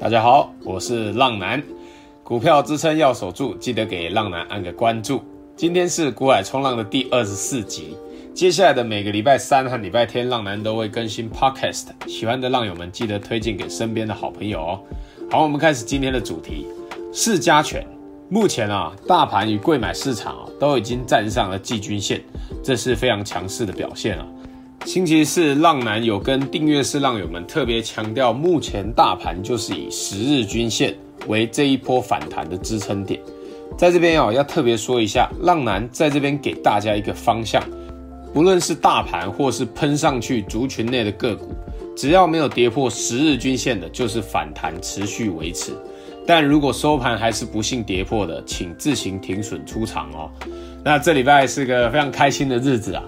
大家好，我是浪男，股票支撐要守住，記得給浪男按個關注。今天是股海衝浪的第二十四集，接下來的每個禮拜三和禮拜天，浪男都會更新 podcast。喜歡的浪友們記得推薦給身邊的好朋友哦。好，我們開始今天的主題市加權。目前啊，大盤與櫃買市場啊都已經站上了季均線，這是非常強勢的表現啊。星期四，浪男有跟訂閱式浪友們特別強調，目前大盤就是以十日均線為這一波反彈的支撐點。在這邊哦，要特別說一下，浪男在這邊給大家一個方向，不論是大盤或是噴上去族群內的個股，只要沒有跌破十日均線的，就是反彈持續維持，但如果收盤還是不幸跌破的，請自行停損出場哦。那這禮拜是個非常開心的日子啊。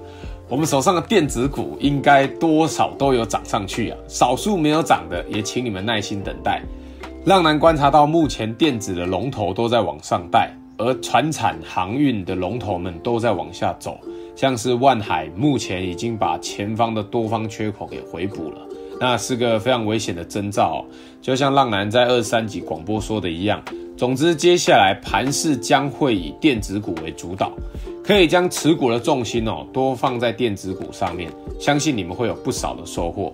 我們手上的電子股應該多少都有漲上去啊，少數沒有漲的，也請你們耐心等待。浪男觀察到，目前電子的龍頭都在往上帶，而傳產航運的龍頭們都在往下走，像是萬海，目前已經把前方的多方缺口給回補了。那是個非常危險的徵兆哦，就像浪男在二三集廣播說的一樣。總之，接下來盤勢將會以電子股為主導，可以將持股的重心哦多放在電子股上面，相信你們會有不少的收穫。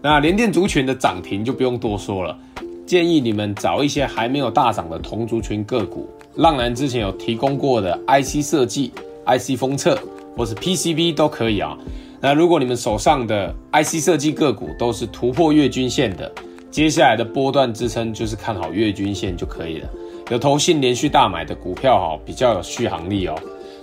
那聯電族群的漲停就不用多說了，建議你們找一些還沒有大漲的同族群個股。浪男之前有提供過的 IC 設計、IC 封測或是 PCB 都可以啊哦。那如果你們手上的 IC 設計個股都是突破月均線的，接下來的波段支撐就是看好月均線就可以了。有投信連續大買的股票比較有續航力哦。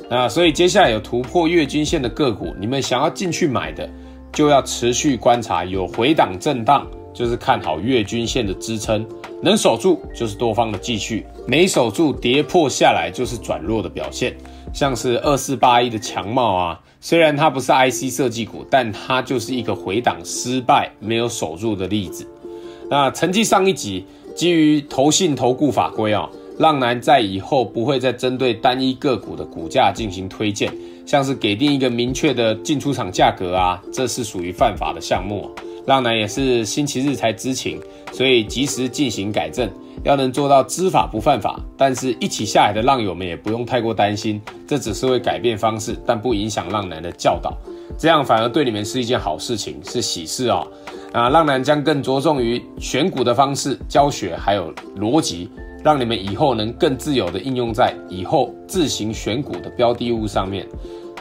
那所以接下來有突破月均線的個股，你們想要進去買的，就要持續觀察有回檔震盪，就是看好月均線的支撐，能守住就是多方的繼續，沒守住跌破下來就是轉弱的表現，像是二四八一的強茂啊。雖然它不是 IC 設計股，但它就是一個回檔失敗沒有守住的例子。那承繼上一集，基於投信投顧法規啊、哦，浪男在以後不會再針對單一個股的股價進行推薦，像是給定一個明確的進出場價格啊，這是屬於犯法的項目。浪男也是星期日才知情，所以及時進行改正，要能做到知法不犯法。但是，一起下海的浪友們也不用太過擔心，這只是會改變方式，但不影響浪男的教導。這樣反而對你們是一件好事情，是喜事哦。啊，浪男將更着重於選股的方式教學，還有邏輯，讓你們以後能更自由地應用在以後自行選股的標的物上面。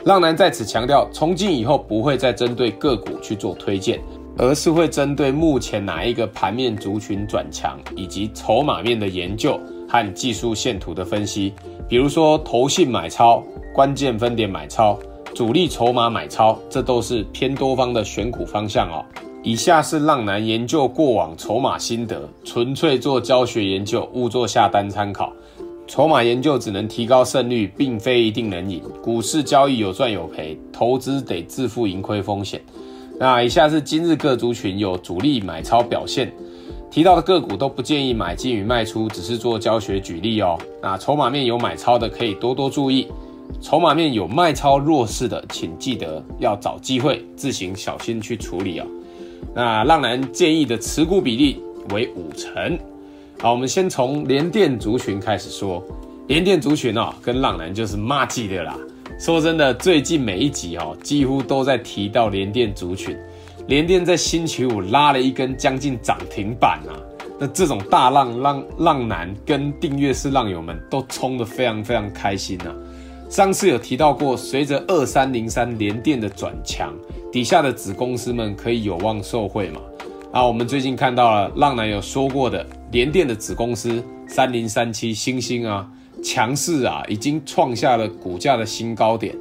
浪男在此強調，從今以後不會再針對個股去做推薦。而是會針對目前哪一個盤面族群轉強，以及籌碼面的研究和技術線圖的分析。比如說，投信買超、關鍵分點買超、主力籌碼買超，這都是偏多方的選股方向哦。以下是浪男研究過往籌碼心得，純粹做教學研究，勿做下單參考。籌碼研究只能提高勝率，並非一定能贏。股市交易有賺有賠，投資得自負盈虧風險。那以下是今日各族群有主力買超表現，提到的個股都不建議買進與賣出，只是做教學舉例哦。那籌碼面有買超的可以多多注意，籌碼面有賣超弱勢的，請記得要找機會自行小心去處理啊、哦。那浪男建議的持股比例為五成。好，我們先從聯電族群開始說，聯電族群哦，跟浪男就是麻吉的啦。說真的，最近每一集哦，幾乎都在提到聯電族群。聯電在星期五拉了一根將近漲停板啊！那這種大浪浪浪男跟訂閱式浪友們都衝得非常非常開心啊！上次有提到過，隨着二三零三聯電的轉強，底下的子公司們可以有望受惠嘛。啊，我們最近看到了浪男有說過的聯電的子公司三零三七欣興啊。強勢啊，已經創下了股價的新高點。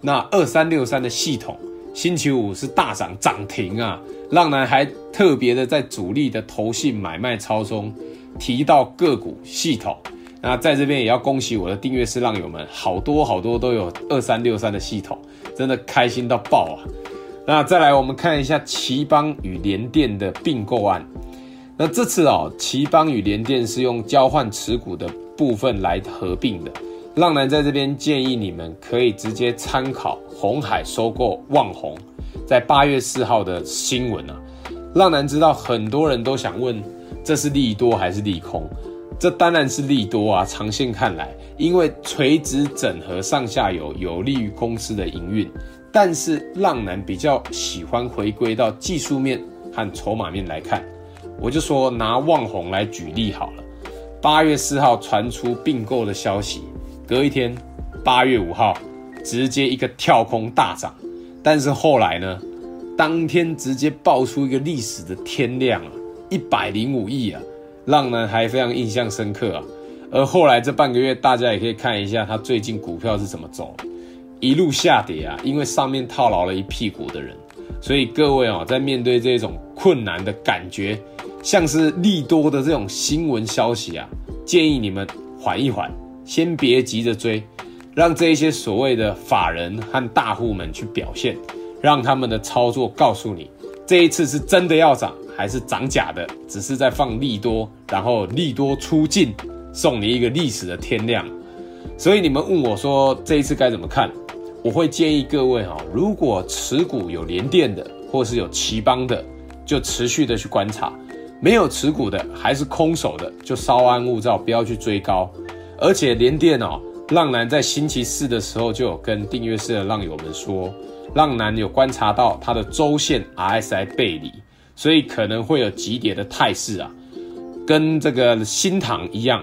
那二三六三的矽統，星期五是大漲漲停啊！浪男還特別的在主力的投信買賣超中提到個股矽統。那在這邊也要恭喜我的訂閱式浪友們，好多好多都有二三六三的矽統，真的開心到爆啊！那再來，我們看一下頎邦與聯電的併購案。那這次啊，頎邦與聯電是用交換持股的。部分來合併的，浪男在這邊建議你們可以直接參考鴻海收購旺宏在八月四號的新聞啊。浪男知道很多人都想問，這是利多還是利空？這當然是利多啊！長線看來，因為垂直整合上下游有利於公司的營運。但是浪男比較喜歡回歸到技術面和籌碼面來看，我就說拿旺宏來舉例好了。八月四號傳出併購的消息，隔一天，八月五號直接一個跳空大漲，但是後來呢，當天直接爆出一個歷史的天量啊，一百零五億啊，浪男還非常印象深刻啊。而後來這半個月，大家也可以看一下他最近股票是怎麼走的，一路下跌啊，因為上面套牢了一屁股的人，所以各位啊，在面對這種困難的感覺，像是利多的這種新聞消息啊，建議你們緩一緩，先別急着追，讓這些所謂的法人和大戶們去表現，讓他們的操作告訴你，這一次是真的要漲，還是漲假的，只是在放利多，然後利多出盡，送你一個歷史的天量。所以你們問我說這一次該怎麼看？我會建議各位啊、哦，如果持股有聯電的，或是有頎邦的，就持續的去觀察。沒有持股的還是空手的，就稍安勿躁，不要去追高。而且聯電哦，浪男在星期四的時候就有跟訂閱式的浪友們說，浪男有觀察到它的週線 RSI 背離，所以可能會有急跌的態勢啊。跟這個新唐一樣，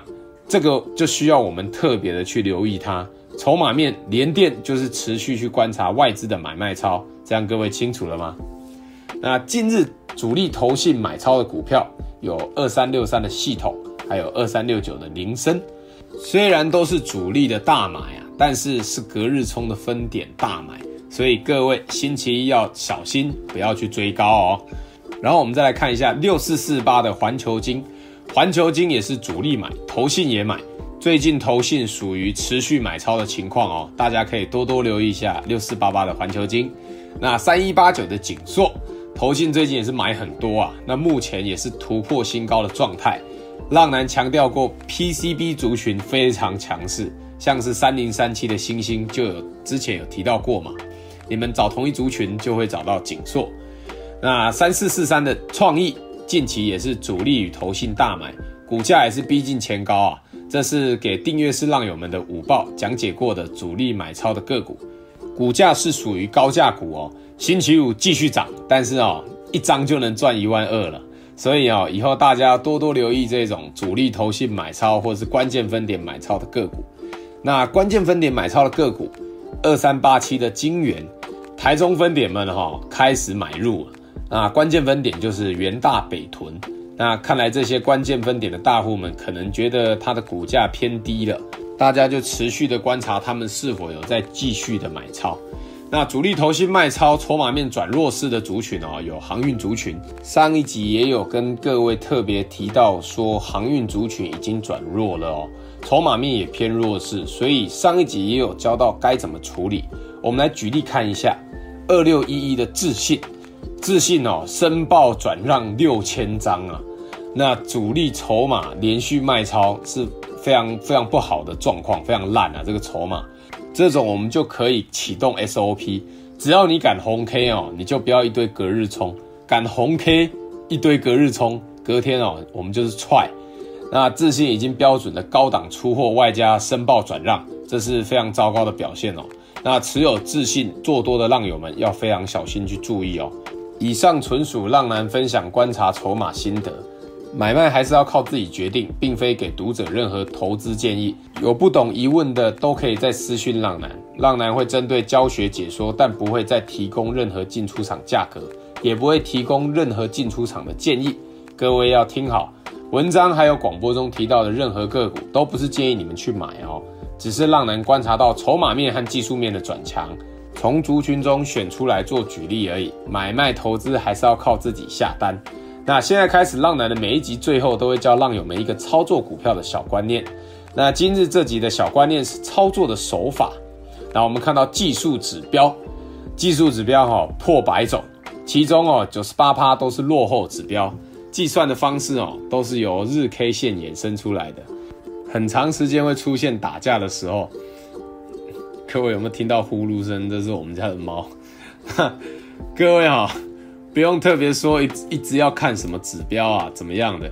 這個就需要我們特別的去留意它。籌碼面聯電就是持續去觀察外資的買賣超，這樣各位清楚了嗎？那近日主力投信買超的股票有二三六三的矽統，還有二三六九的菱生，雖然都是主力的大買呀、啊，但是是隔日沖的分點大買，所以各位星期一要小心，不要去追高哦。然後我們再來看一下六四四八的環球晶，環球晶也是主力買，投信也買，最近投信屬於持續買超的情況哦，大家可以多多留意一下六四八八的環球晶。那三一八九的景碩。投信最近也是買很多啊，那目前也是突破新高的狀態。浪男強調過，PCB 族群非常強勢，像是三零三七的欣興就有之前有提到過嘛。你們找同一族群就會找到景碩，那三四四三的創意近期也是主力與投信大買，股價也是逼近前高啊。這是給訂閱式浪友們的午報講解過的主力買超的個股。股價是屬於高價股哦，星期五繼續漲，但是啊、哦，一張就能賺一萬二了。所以啊、哦，以後大家多多留意這種主力投信買超或者是關鍵分點買超的個股。那關鍵分點買超的個股，二三八七的金元台中分點們哈、哦、開始買入了。那關鍵分點就是元大、北屯。那看來這些關鍵分點的大戶們可能覺得它的股價偏低了。大家就持續的觀察他們是否有在繼續的買超，那主力投信賣超，籌碼面轉弱勢的族群哦、喔，有航運族群，上一集也有跟各位特別提到說航運族群已經轉弱了哦，籌碼面也偏弱勢，所以上一集也有教到該怎麼處理。我們來舉例看一下二六一一的自信，自信哦、喔、申報轉讓六千張啊，那主力籌碼連續賣超是。非常非常不好的狀況，非常爛啊！這個籌碼，這種我們就可以啟動 SOP，只要你敢紅 K 哦，你就不要一堆隔日沖，敢紅 K 一堆隔日沖，隔天哦，我們就是踹。那自信已經標準的高檔出貨外加申報轉讓，這是非常糟糕的表現哦。那持有自信做多的浪友們要非常小心去注意哦。以上純屬浪男分享觀察籌碼心得。買賣還是要靠自己決定，並非給讀者任何投資建議。有不懂疑問的都可以在私訊浪男，浪男會針對教學解說，但不會再提供任何進出場價格，也不會提供任何進出場的建議。各位要聽好，文章還有廣播中提到的任何個股都不是建議你們去買哦，只是浪男觀察到籌碼面和技術面的轉強，從族群中選出來做舉例而已。買賣投資還是要靠自己下單。那現在開始，浪男的每一集最後都會教浪友們一個操作股票的小觀念。那今日這集的小觀念是操作的手法。那我們看到技術指標，技術指標哈、哦、破百種，其中哦九十八趴都是落後指標。計算的方式哦都是由日 K 線衍生出來的。很長時間會出現打架的時候，各位有沒有聽到呼嚕聲？這是我們家的貓。各位好。不用特別說一一直要看什麼指標啊，怎麼樣的，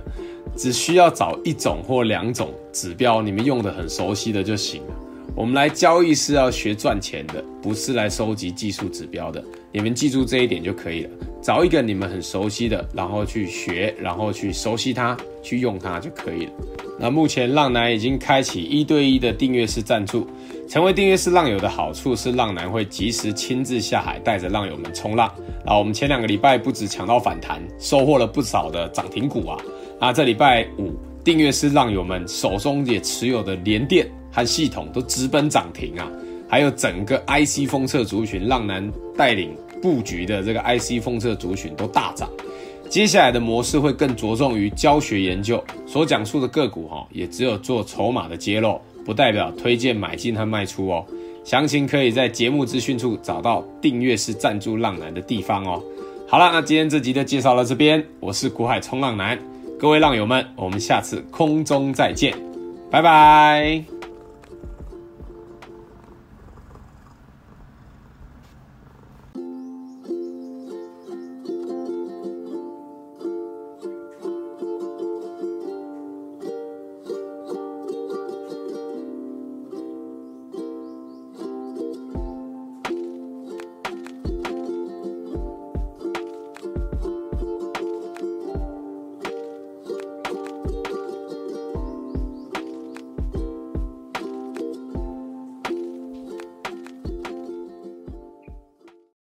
只需要找一種或兩種指標，你們用得很熟悉的就行了。我們來交易是要學賺錢的，不是來收集技術指標的，你們記住這一點就可以了。找一個你們很熟悉的，然後去學，然後去熟悉它，去用它就可以了。那目前浪男已經開啟一對一的訂閱式贊助，成為訂閱式浪友的好處是，浪男會及時親自下海，帶着浪友們衝浪。啊，我們前兩個禮拜不止搶到反彈，收穫了不少的漲停股啊。那這禮拜五，訂閱式浪友們手中也持有的聯電和矽統都直奔漲停啊。還有整個 IC 封測族群，浪男帶領布局的這個 IC 封測族群都大漲。接下來的模式會更着重於教學研究，所講述的個股哈，也只有做籌碼的揭露，不代表推薦買進和賣出哦。詳情可以在節目資訊處找到，訂閱式贊助浪男的地方哦。好啦，那今天這集就介紹到這邊，我是股海衝浪男，各位浪友們，我們下次空中再見，拜拜。